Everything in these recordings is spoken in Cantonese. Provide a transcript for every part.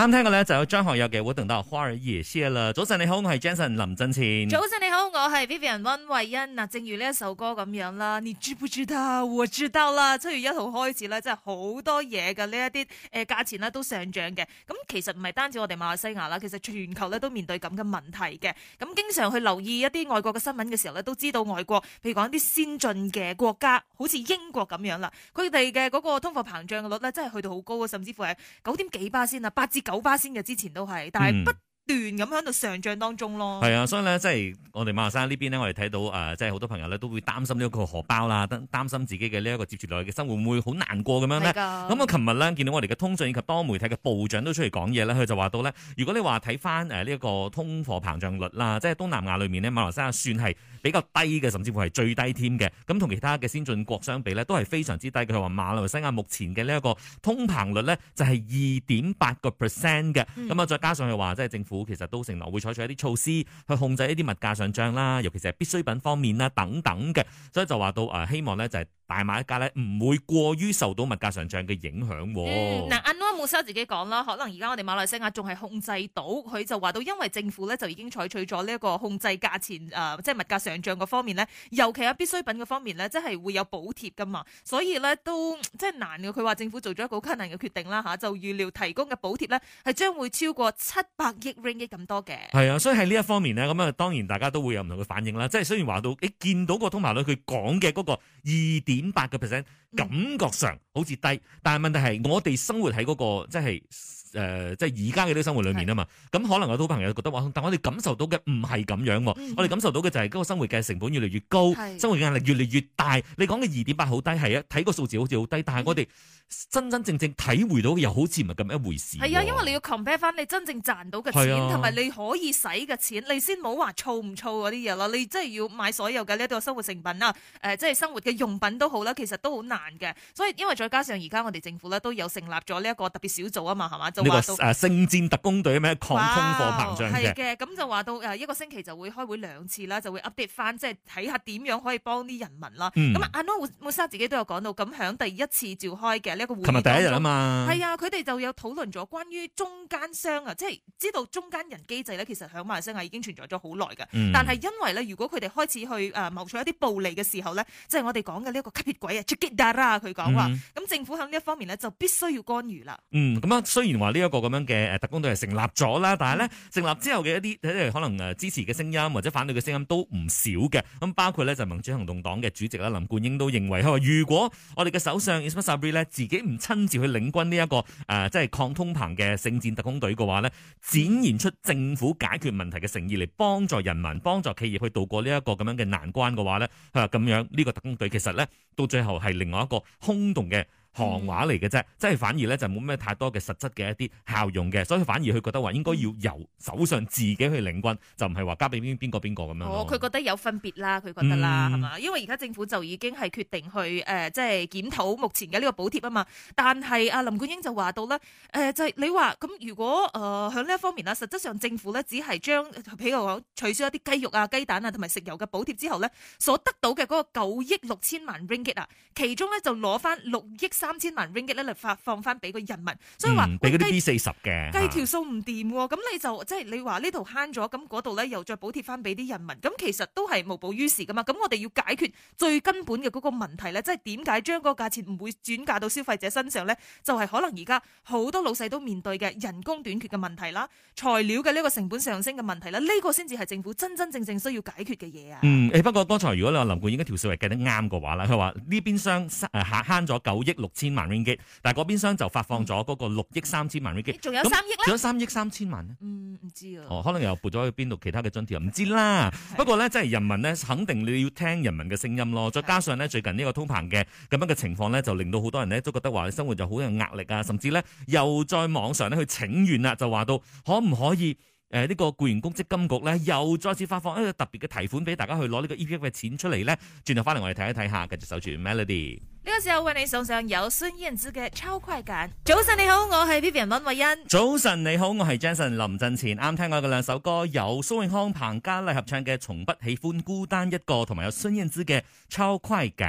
啱聽嘅咧就有張學友嘅《我等到花兒也謝》啦。早晨你好，我係 Jason 林振前。早晨你好，我係 Vivian 溫慧欣。嗱，正如呢一首歌咁樣啦，你知不知道？我知道啦。七月一號開始咧，真係好多嘢嘅呢一啲誒價錢咧都上漲嘅。咁其實唔係單止我哋馬來西亞啦，其實全球咧都面對咁嘅問題嘅。咁經常去留意一啲外國嘅新聞嘅時候咧，都知道外國譬如講一啲先進嘅國家，好似英國咁樣啦，佢哋嘅嗰個通貨膨脹嘅率咧真係去到好高，甚至乎係九點幾巴仙。啊，八酒吧先嘅，之前都係，但係不嗯斷咁喺度上漲當中咯，係啊，所以咧，即係我哋馬來西亞呢邊呢，我哋睇到誒，即係好多朋友咧都會擔心呢一個荷包啦，擔心自己嘅呢一個接住落去嘅生活會唔會好難過咁樣咧？咁啊的，琴日咧見到我哋嘅通訊以及多媒體嘅部長都出嚟講嘢咧，佢就話到咧，如果你話睇翻誒呢一個通貨膨脹率啦，即係東南亞裏面呢，馬來西亞算係比較低嘅，甚至乎係最低添嘅。咁同其他嘅先進國相比呢，都係非常之低嘅。佢話馬來西亞目前嘅呢一個通膨率呢，就係二點八個 percent 嘅。咁啊、嗯，再加上佢話即係政府。其實都承諾會採取一啲措施去控制一啲物價上漲啦，尤其是係必需品方面啦等等嘅，所以就話到誒希望咧就係、是。大買家咧，唔會過於受到物價上漲嘅影響，嗯。嗱、嗯，阿安 o a 自己講啦，可能而家我哋馬來西亞仲係控制到，佢就話到，因為政府咧就已經採取咗呢一個控制價錢，誒、呃，即係物價上漲嘅方面咧，尤其係必需品嘅方面咧，即係會有補貼噶嘛，所以咧都即係難料。佢話政府做咗一個好困難嘅決定啦嚇，就預料提供嘅補貼咧係將會超過七百億 ringgit 咁多嘅。係啊，所以喺呢一方面呢，咁啊當然大家都會有唔同嘅反應啦。即係雖然話到，你見到那個通話女佢講嘅嗰個意點八個 percent，感覺上好似低，但係問題，係我哋生活喺嗰個，即係。誒、呃，即係而家嘅啲生活裏面啊嘛，咁是可能有好多朋友又覺得話，但我哋感受到嘅唔係咁樣，嗯、我哋感受到嘅就係嗰個生活嘅成本越嚟越高，是生活嘅壓力越嚟越大。你講嘅二點八好低係啊，睇個數字好似好低，嗯、但係我哋真真正正體會到嘅又好似唔係咁一回事。係啊，因為你要 compare 返你真正賺到嘅錢同埋的你可以使嘅錢，你先冇話儲唔儲嗰啲嘢啦。你即係要買所有嘅呢一個生活成品啊，即、呃、係、就是、生活嘅用品都好啦，其實都好難嘅。所以因為再加上而家我哋政府咧都有成立咗呢一個特別小組啊嘛，係嘛？呢、這個誒《聖、啊、戰特工隊》咩抗通貨膨脹嘅？係嘅，咁就話到誒一個星期就會開會兩次啦，就會 update 翻，即係睇下點樣可以幫啲人民啦。咁阿 Noor Mussa 自己都有講到，咁響第一次召開嘅呢一個會，琴日第一日啊嘛。係啊，佢哋就有討論咗關於中間商啊，即、就、係、是、知道中間人機制咧，其實響馬來西亞已經存在咗好耐㗎。嗯、但係因為咧，如果佢哋開始去誒謀取一啲暴利嘅時候咧，即、就、係、是、我哋講嘅呢一個吸血鬼啊，最激烈啦，佢講話。咁、嗯、政府響呢一方面咧，就必須要干預啦、嗯。嗯，咁、嗯、啊，雖然話。呢一個咁樣嘅誒特工隊係成立咗啦，但係咧成立之後嘅一啲，可能誒支持嘅聲音或者反對嘅聲音都唔少嘅。咁包括咧就是、民主行動黨嘅主席啦林冠英都認為，佢話如果我哋嘅首相伊斯拉布咧自己唔親自去領軍呢、這、一個誒、呃、即係抗通膨嘅聖戰特工隊嘅話咧，展現出政府解決問題嘅誠意嚟幫助人民、幫助企業去度過呢一個咁樣嘅難關嘅話咧，佢話咁樣呢、這個特工隊其實咧到最後係另外一個空洞嘅。嗯、行話嚟嘅啫，即係反而咧就冇咩太多嘅實質嘅一啲效用嘅，所以反而佢覺得話應該要由首相自己去領軍，就唔係話交俾邊邊個邊個咁樣。哦，佢覺得有分別啦，佢覺得啦，係嘛、嗯？因為而家政府就已經係決定去即係、呃就是、檢討目前嘅呢個補貼啊嘛。但係阿林冠英就話到咧、呃，就係、是、你話咁，如果喺呢、呃、一方面啊，實質上政府咧只係將譬如講取消一啲雞肉啊、雞蛋啊同埋食油嘅補貼之後咧，所得到嘅嗰個九億六千萬 ringgit 啊，其中咧就攞翻六億。三千萬 ringgit 咧嚟發放翻俾個人民，所以話俾嗰啲 B 四十嘅計條數唔掂，咁你就即係你話呢度慳咗，咁嗰度咧又再補貼翻俾啲人民，咁其實都係無補於事噶嘛。咁我哋要解決最根本嘅嗰個問題咧，即係點解將嗰個價錢唔會轉嫁到消費者身上咧？就係可能而家好多老細都面對嘅人工短缺嘅問題啦，材料嘅呢個成本上升嘅問題啦，呢個先至係政府真真正正需要解決嘅嘢啊。嗯，誒不過剛才如果你話林冠英條數係計得啱嘅話啦，佢話呢邊廂慳慳咗九億六千萬但係嗰邊商就發放咗嗰個六億三千萬 ringgit，仲有三億咧，還有三億三千萬咧，嗯，唔知啊，哦，可能又撥咗去邊度其他嘅津貼，唔知啦。的不過咧，的即係人民咧，肯定你要聽人民嘅聲音咯。再加上呢，最近呢個通膨嘅咁樣嘅情況呢，就令到好多人呢都覺得話生活就好有壓力啊。甚至呢又在網上咧去請願啦，就話到可唔可以誒呢、呃這個雇員公積金局呢又再次發放一個特別嘅提款俾大家去攞呢個 E P F 嘅錢出嚟呢？轉頭翻嚟我哋睇一睇下，繼續守住 Melody。呢個時候為你送上有孫燕姿嘅《超快感》。早晨你好，我係 Vivian 溫慧欣。早晨你好，我係 Jason 林振前。啱聽過嘅兩首歌，有蘇永康彭嘉麗合唱嘅《從不喜歡孤單一個》，同埋有孫燕姿嘅《超快感》。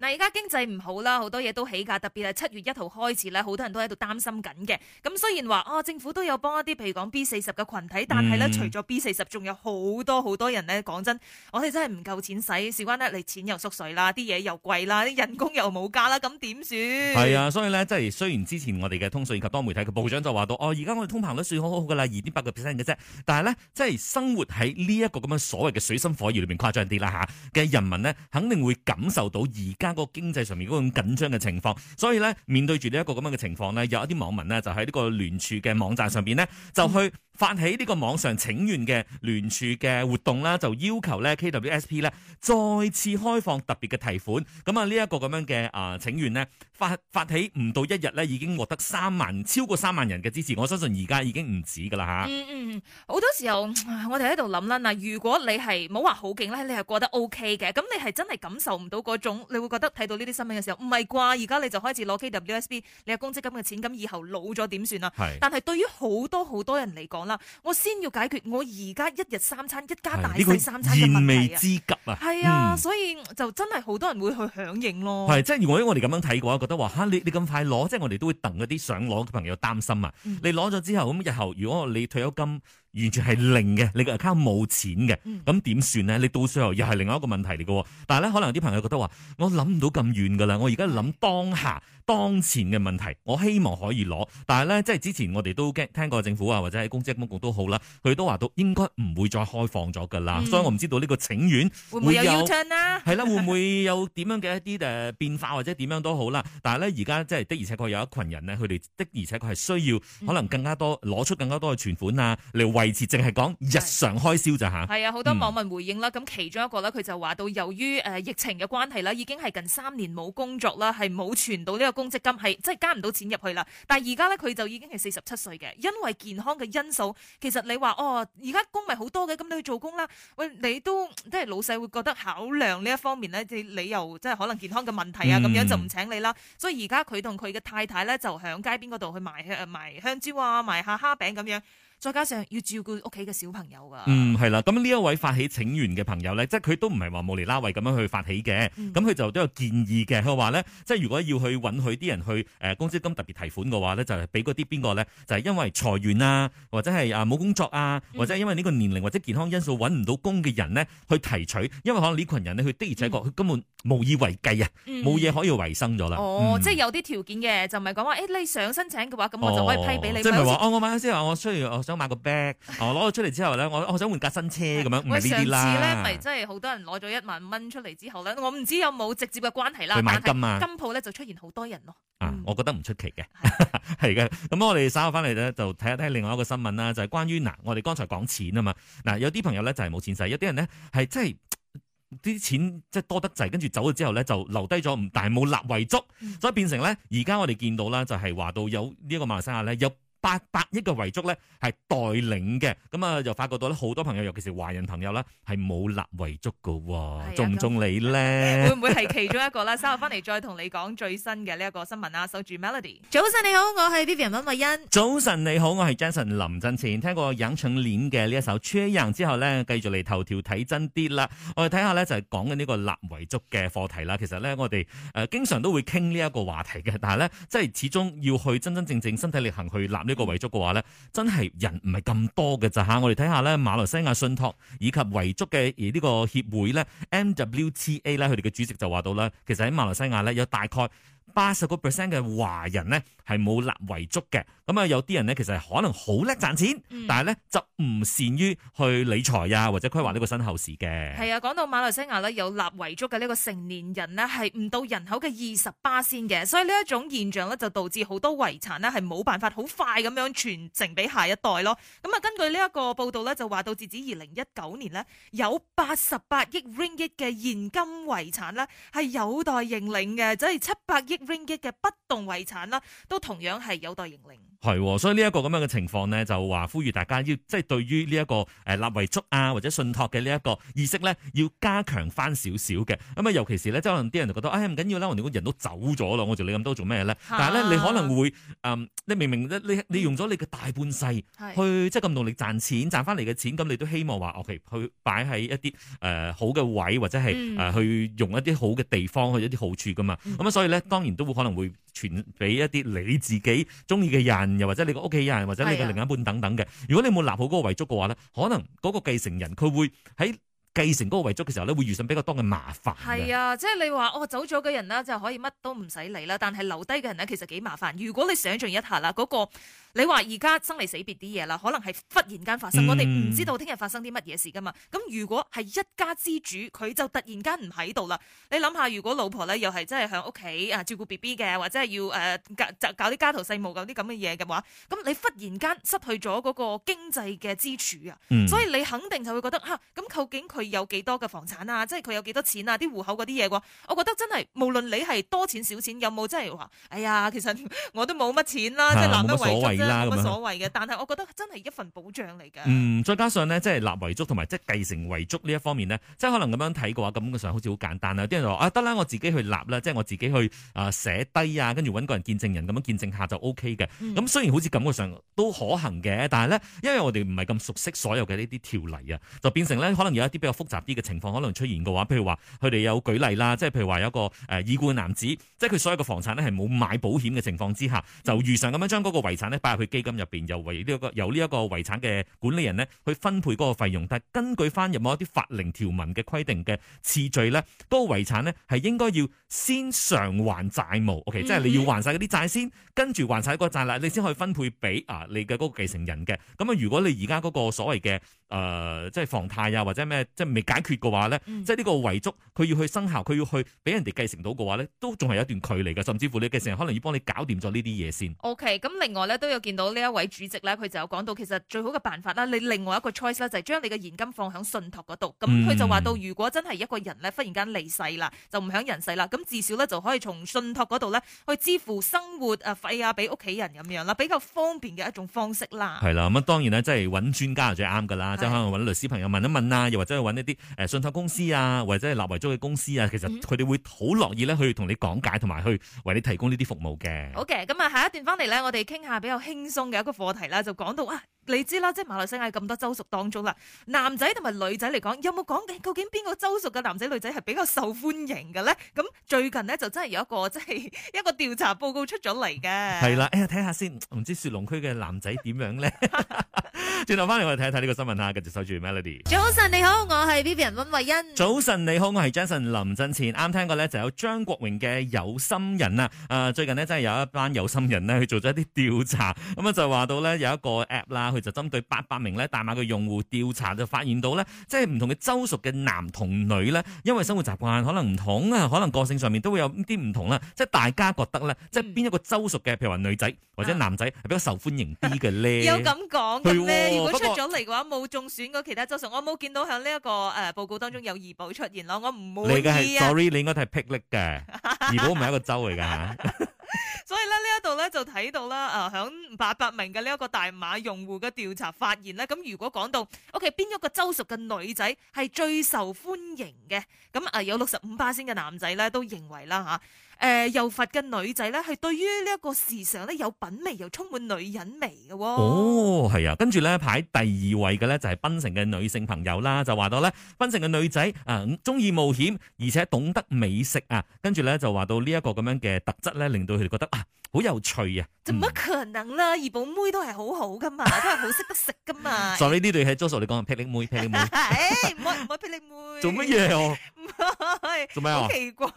嗱，而家經濟唔好啦，好多嘢都起價，特別係七月一號開始咧，好多人都喺度擔心緊嘅。咁雖然話啊、哦，政府都有幫一啲，譬如講 B 四十嘅群體，但係咧，除咗 B 四十，仲有好多好多人咧。講真，我哋真係唔夠錢使。事關得你錢又縮水啦，啲嘢又貴啦，啲人工又冇，冇價啦，咁點算？係啊，所以咧，即係雖然之前我哋嘅通訊及多媒體嘅部長就話到，哦，而家我哋通膨率算好好好噶啦，二點八個 percent 嘅啫。但係咧，即係生活喺呢一個咁樣所謂嘅水深火熱裏面誇張啲啦吓嘅人民呢，肯定會感受到而家個經濟上面嗰種緊張嘅情況。所以咧，面對住呢一個咁樣嘅情況呢，有一啲網民呢，就喺呢個聯署嘅網站上邊呢，就去。嗯發起呢個網上請願嘅聯署嘅活動啦，就要求咧 KWSP 咧再次開放特別嘅提款。咁啊，呢一個咁樣嘅啊請願呢發發起唔到一日咧，已經獲得三萬超過三萬人嘅支持。我相信而家已經唔止噶啦吓。嗯嗯，好多時候我哋喺度諗啦，嗱，如果你係冇話好勁咧，你係覺得 OK 嘅，咁你係真係感受唔到嗰種，你會覺得睇到呢啲新聞嘅時候唔係啩？而家你就開始攞 KWSP 你嘅公積金嘅錢，咁以後老咗點算啊？是 但係對於好多好多人嚟講，啦，我先要解決我而家一日三餐一家大細三餐嘅燃眉之急啊，係啊，所以就真係好多人會去響應咯。係，即係如果我哋咁樣睇嘅話，覺得話你你咁快攞，即係我哋都會戥嗰啲想攞嘅朋友擔心啊。你攞咗之後，咁日後如果你退休金，完全係零嘅，你個 account 冇錢嘅，咁點算呢？你到最後又係另外一個問題嚟嘅。但係咧，可能有啲朋友覺得話，我諗唔到咁遠㗎啦。我而家諗當下、當前嘅問題，我希望可以攞。但係咧，即係之前我哋都驚聽過政府啊，或者喺公積金局都好啦，佢都話到應該唔會再開放咗㗎啦。嗯、所以我唔知道呢個請願會唔會，會有 U-turn 啦？係啦、啊， 會唔會有點樣嘅一啲誒變化或者點樣都好啦？但係咧，而家即係的而且確有一群人咧，佢哋的而且確係需要可能更加多攞、嗯、出更加多嘅存款啊次淨係講日常開銷咋吓？係的啊，好多網民回應啦。咁、嗯、其中一個咧，佢就話到由於誒疫情嘅關係咧，已經係近三年冇工作啦，係冇存到呢個公積金，係即係加唔到錢入去啦。但係而家咧，佢就已經係四十七歲嘅，因為健康嘅因素，其實你話哦，而家工咪好多嘅，咁你去做工啦。喂，你都即係老細會覺得考量呢一方面咧，你你又即係可能健康嘅問題啊，咁樣、嗯、就唔請你啦。所以而家佢同佢嘅太太咧，就喺街邊嗰度去賣香賣香蕉啊，賣下蝦餅咁樣。再加上要照顧屋企嘅小朋友㗎。嗯，係啦。咁呢一位發起請願嘅朋友咧，即係佢都唔係話無釐啦為咁樣去發起嘅。咁佢、嗯、就都有建議嘅。佢話咧，即係如果要去允許啲人去誒、呃、公積金特別提款嘅話咧，就係俾嗰啲邊個咧，就係、是、因為裁員啊，或者係啊冇工作啊，嗯、或者係因為呢個年齡或者健康因素揾唔到工嘅人咧，去提取。因為可能呢群人咧，佢的而且確佢根本無以為繼啊，冇嘢、嗯、可以維生咗啦。哦，嗯、即係有啲條件嘅，就唔係講話誒，你想申請嘅話，咁我就可以批俾你。哦嗯、即係話、哦，我、哦、我我。買個 bag，我攞咗出嚟之後咧，我我想換架新車咁樣，唔係呢啲啦。上次咧，咪真係好多人攞咗一萬蚊出嚟之後咧，我唔知有冇直接嘅關係啦。去買金啊，金鋪咧就出現好多人咯。嗯、啊，我覺得唔出奇嘅，係 嘅。咁、嗯 嗯、我哋稍後翻嚟咧，就睇一睇另外一個新聞啦，就係、是、關於嗱、呃，我哋剛才講錢啊嘛。嗱、呃，有啲朋友咧就係、是、冇錢使，有啲人咧係真係啲錢即係多得滯，跟住走咗之後咧就留低咗，但係冇立遺囑，嗯、所以變成咧而家我哋見到啦，就係、是、話到有呢一個馬來西亞咧有。八百億嘅遺囑咧係代領嘅，咁啊就發覺到咧好多朋友，尤其是華人朋友咧係冇立遺囑噶，中唔中你咧？會唔會係其中一個啦？ 稍後翻嚟，再同你講最新嘅呢一個新聞啦。守住 Melody，早晨你好，我係 Vivian 文慧欣。早晨你好，我係 Jason 林振前。聽過演唱鏈嘅呢一首《Cherry》之後咧，繼續嚟頭條睇真啲啦。我哋睇下咧就係講緊呢個立遺囑嘅課題啦。其實咧我哋誒、呃、經常都會傾呢一個話題嘅，但係咧即係始終要去真真正正身體力行去立。呢個遺囑嘅話咧，真係人唔係咁多嘅咋吓，我哋睇下咧，馬來西亞信託以及遺囑嘅而呢個協會咧，MWTA 咧，佢哋嘅主席就話到啦，其實喺馬來西亞咧有大概，八十個 percent 嘅華人呢係冇立遺囑嘅，咁啊有啲人呢，其實係可能好叻賺錢，嗯、但係呢就唔善於去理財啊或者規劃呢個身後事嘅。係啊，講到馬來西亞呢，有立遺囑嘅呢個成年人呢，係唔到人口嘅二十八先嘅，所以呢一種現象呢，就導致好多遺產呢係冇辦法好快咁樣傳承俾下一代咯。咁啊根據呢一個報道呢，就話到截止二零一九年呢，有八十八億 ringgit 嘅現金遺產呢，係有待認領嘅，即係七百億。Ringgit 嘅不動遺產啦，都同樣是有代，係有待認領。係喎、哦，所以呢一個咁樣嘅情況咧，就話呼籲大家要即係、就是、對於呢一個立遺囑啊或者信託嘅呢一個意識咧，要加強翻少少嘅。咁啊，尤其是咧，即係可能啲人就覺得，哎唔緊要啦，我哋個人都走咗啦，我仲理咁多做咩咧？但係咧，啊、你可能會誒、呃，你明明你你用咗你嘅大半世、嗯、去即係咁努力賺錢，賺翻嚟嘅錢，咁你都希望話，哦、OK，去擺喺一啲誒、呃、好嘅位或者係、呃、去用一啲好嘅地方，去一啲好處噶嘛。咁啊，所以咧，當然都會可能會。傳俾一啲你自己中意嘅人，又或者你個屋企人，或者你嘅另一半等等嘅。如果你冇立好嗰個遺囑嘅話咧，可能嗰個繼承人佢會喺。繼承嗰個遺囑嘅時候咧，會遇上比較多嘅麻煩。係啊，即係你話哦，走咗嘅人啦，就可以乜都唔使理啦。但係留低嘅人咧，其實幾麻煩。如果你想象一下啦，嗰、嗰個你話而家生離死別啲嘢啦，可能係忽然間發生，我哋唔知道聽日發生啲乜嘢事噶嘛。咁如果係一家之主，佢就突然間唔喺度啦。你諗下，如果老婆咧又係真係喺屋企啊照顧 B B 嘅，或者係要誒、呃、搞啲家頭細務嗰啲咁嘅嘢嘅話，咁你忽然間失去咗嗰個經濟嘅支柱啊，嗯、所以你肯定就會覺得吓，咁、啊、究竟佢有幾多嘅房產啊？即係佢有幾多錢啊？啲戶口嗰啲嘢喎，我覺得真係無論你係多錢少錢，有冇即係話，哎呀，其實我都冇乜錢的啦，即係立遺囑啦，冇乜所謂嘅。但係我覺得真係一份保障嚟嘅。嗯，再加上呢，即係立遺囑同埋即係繼承遺囑呢一方面呢，即係可能咁樣睇嘅話，感覺上好似好簡單啦。啲人就話啊，得啦，我自己去立啦，即係我自己去啊寫低啊，跟住搵個人見證人咁樣見證下就 OK 嘅。咁雖然好似感覺上都可行嘅，但係呢，因為我哋唔係咁熟悉所有嘅呢啲條例啊，就變成呢，可能有一啲複雜啲嘅情況可能出現嘅話，譬如話佢哋有舉例啦，即係譬如話有一個誒已故嘅男子，即係佢所有嘅房產咧係冇買保險嘅情況之下，就如常咁樣將嗰個遺產咧擺入去基金入邊，由維呢一個由呢一個遺產嘅管理人咧去分配嗰個費用，但係根據翻任何一啲法令條文嘅規定嘅次序咧，嗰、嗰個遺產咧係應該要先償還債務，OK，嗯、即係你要還晒嗰啲債先，跟住還晒嗰個債啦，你先可以分配俾啊你嘅嗰個繼承人嘅。咁啊，如果你而家嗰個所謂嘅誒即係房貸啊或者咩？即係未解決嘅話咧，嗯、即係呢個遺囑佢要去生效，佢要去俾人哋繼承到嘅話咧，都仲係有一段距離嘅。甚至乎你繼承可能要幫你搞掂咗呢啲嘢先。OK，咁另外咧都有見到呢一位主席咧，佢就有講到其實最好嘅辦法啦，你另外一個 choice 咧就係、是、將你嘅現金放喺信託嗰度。咁佢就話到，嗯、如果真係一個人咧忽然間離世啦，就唔喺人世啦，咁至少咧就可以從信託嗰度咧去支付生活啊費啊俾屋企人咁樣啦，比較方便嘅一種方式啦。係啦，咁啊當然咧，即係揾專家就最啱㗎啦，的即係可能揾律師朋友問一問啦，又或者揾呢啲誒信託公司啊，或者係立遺囑嘅公司啊，其實佢哋會好樂意咧去同你講解，同埋去為你提供呢啲服務嘅。好嘅，咁啊下一段翻嚟咧，我哋傾下比較輕鬆嘅一個課題啦，就講到啊，你知啦，即係馬來西亞咁多州屬當中啦，男仔同埋女仔嚟講，有冇講究竟邊個州屬嘅男仔女仔係比較受歡迎嘅咧？咁最近呢，就真係有一個，即係一個調查報告出咗嚟嘅。係啦，哎呀，睇下先，唔知雪隆區嘅男仔點樣咧？ 轉頭翻嚟我哋睇一睇呢個新聞啦繼續守住 Melody。早晨你好，我係 Vivian 温慧欣。早晨你好，我係 Jason 林振前。啱聽過咧，就有張國榮嘅有心人啊、呃。最近呢，真係有一班有心人咧去做咗一啲調查，咁、嗯、啊就話到咧有一個 App 啦，佢就針對八百名咧大馬嘅用戶調查，就發現到咧，即係唔同嘅州屬嘅男同女咧，因為生活習慣可能唔同啊，可能個性上面都會有啲唔同啦。即係大家覺得咧，嗯、即係邊一個州屬嘅，譬如話女仔或者男仔係、啊、比較受歡迎啲嘅咧？ 有咁講嘅咩？如果出咗嚟嘅話冇中選過其他州屬，我冇見到喺呢一個誒報告當中有怡保出現咯，我唔滿意 sorry，你應該係霹靂嘅， 怡保唔係一個州嚟噶。 所以咧呢一度咧就睇到啦，啊，響八百名嘅呢一個大馬用戶嘅調查發現咧，咁如果講到 OK 邊一個州屬嘅女仔係最受歡迎嘅，咁啊有六十五巴仙嘅男仔咧都認為啦吓。誒，柔佛嘅女仔咧，係對於呢一個時尚咧有品味，又充滿女人味嘅喎。哦，係、哦、啊，跟住咧排第二位嘅咧就係檳城嘅女性朋友啦，就話到咧，檳城嘅女仔啊，中、呃、意冒險，而且懂得美食啊，跟住咧就話到這這呢一個咁樣嘅特質咧，令到佢哋覺得啊。好有趣啊！點可能啦？二寶妹都係好好㗎嘛，都係好識得食㗎嘛。所以呢對係 Joseph 你講霹靂妹，霹靂妹。係，唔係唔係霹靂妹。做乜嘢哦？做咩啊？好奇怪。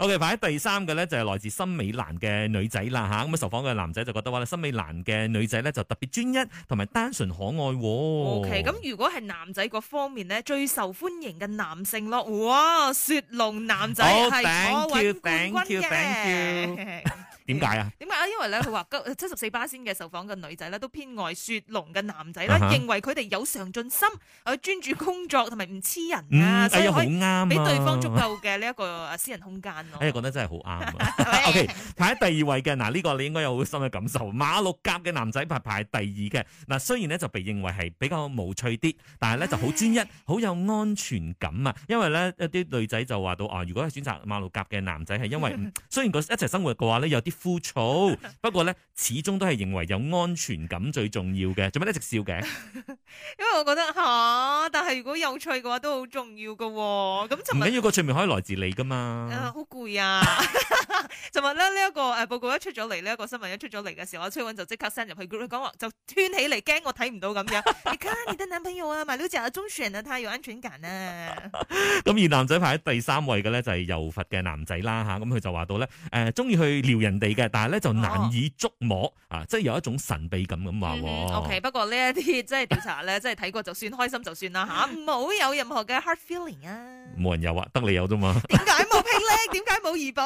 OK，排喺第三個咧就係來自新美蘭嘅女仔啦吓。咁啊，受訪嘅男仔就覺得話咧，新美蘭嘅女仔咧就特別專一，同埋單純可愛喎。OK，咁如果係男仔嗰方面咧，最受歡迎嘅男性咯，哇！雪龍男仔係坐穩冠軍嘅。點解啊？點解啊？因為咧，佢話七十四巴仙嘅受訪嘅女仔咧，都偏愛雪龍嘅男仔咧，認為佢哋有上進心，誒專注工作，同埋唔黐人啊，就可以俾對方足夠嘅呢一個私人空間。哎呀，講得真係好啱啊！OK，排喺第二位嘅嗱，呢個你應該有好深嘅感受。馬六甲嘅男仔排排第二嘅嗱，雖然咧就被認為係比較無趣啲，但係咧就好專一，好有安全感啊！因為咧一啲女仔就話到啊，如果係選擇馬六甲嘅男仔，係因為雖然佢一齊生活嘅話咧有啲。枯燥， 不過咧始終都係認為有安全感最重要嘅，做咩一直笑嘅？ 因為我覺得吓、啊，但係如果有趣嘅話都好重要嘅、哦。咁尋日唔緊要，嗰個趣味可以來自你噶嘛？好攰、呃、啊！尋日咧呢一、這個誒報告一出咗嚟，呢、這、一個新聞一出咗嚟嘅時候，阿崔允就即刻 send 入去 group 講話，就穿起嚟驚我睇唔到咁樣。 你睇你的男朋友啊，馬騮仔啊，中選啊，太有安全感啊！咁 而男仔排喺第三位嘅咧就係、是、油佛嘅男仔啦吓，咁、啊、佢、嗯、就話到咧誒，中、呃、意去撩人哋。嘅，但係咧就難以觸摸、哦、啊！即係有一種神秘感咁話喎。嗯、哇 o、okay, K，不過這些、就是、呢一啲即係調查咧，即係睇過就算，開心就算啦吓，唔、啊、好有，有任何嘅 hard feeling 啊！冇人有啊，得你有啫嘛、啊？點解冇霹靂？點解冇怡寶？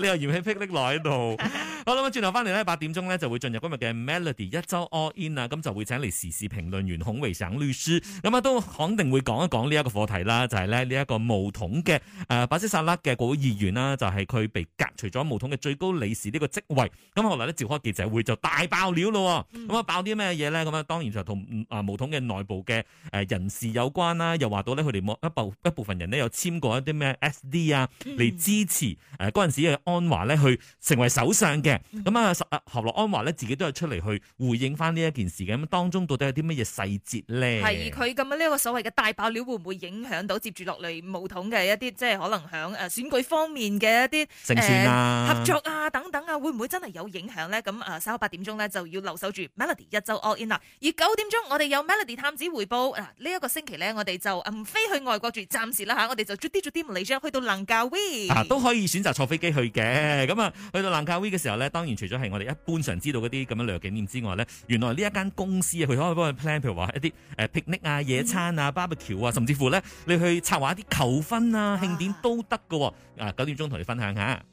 你又嫌棄霹靂耐喺度？ 好啦，咁轉頭翻嚟呢，八點鐘呢就會進入今日嘅 Melody 一周 All In 啊，咁就會請嚟時事評論員孔維省律師咁啊都肯定會講一講呢一個課題啦，就係呢，呢一個巫統嘅誒巴西薩拉嘅國會議員啦，就係、是、佢被革除咗巫統嘅最高理事呢個職位。咁後來呢，召開記者會就大爆料咯，咁啊、嗯、爆啲咩嘢呢？咁啊當然就同啊巫統嘅內部嘅人事有關啦，又話到呢，佢哋一部一部分人呢，又簽過一啲咩 SD 啊嚟支持嗰陣時嘅安華呢，去成為首相嘅。咁啊，何樂安華咧，自己都係出嚟去回應翻呢一件事嘅，咁當中到底有啲乜嘢細節咧？係佢咁啊呢個所謂嘅大爆料，會唔會影響到接住落嚟武統嘅一啲，即係可能響誒選舉方面嘅一啲誒、啊呃、合作啊等等。啊、會唔會真係有影響咧？咁啊，稍後八點鐘咧就要留守住 Melody 一周 All In 啦。而九點鐘我哋有 Melody 探子回報，嗱呢一個星期咧，我哋就唔飛、嗯、去外國住，暫時啦吓、啊，我哋就做啲做啲嚟將，去到蘭加威啊，都可以選擇坐飛機去嘅。咁啊，去到蘭加威嘅時候咧，當然除咗係我哋一般常知道嗰啲咁樣旅遊景點之外咧，原來呢一間公司啊，佢可以幫你 plan，譬如話一啲誒，picnic 啊、野餐啊、barbecue、嗯、啊，甚至乎咧，你去策劃啲求婚啊、慶典都得噶。啊，九點鐘同你分享一下。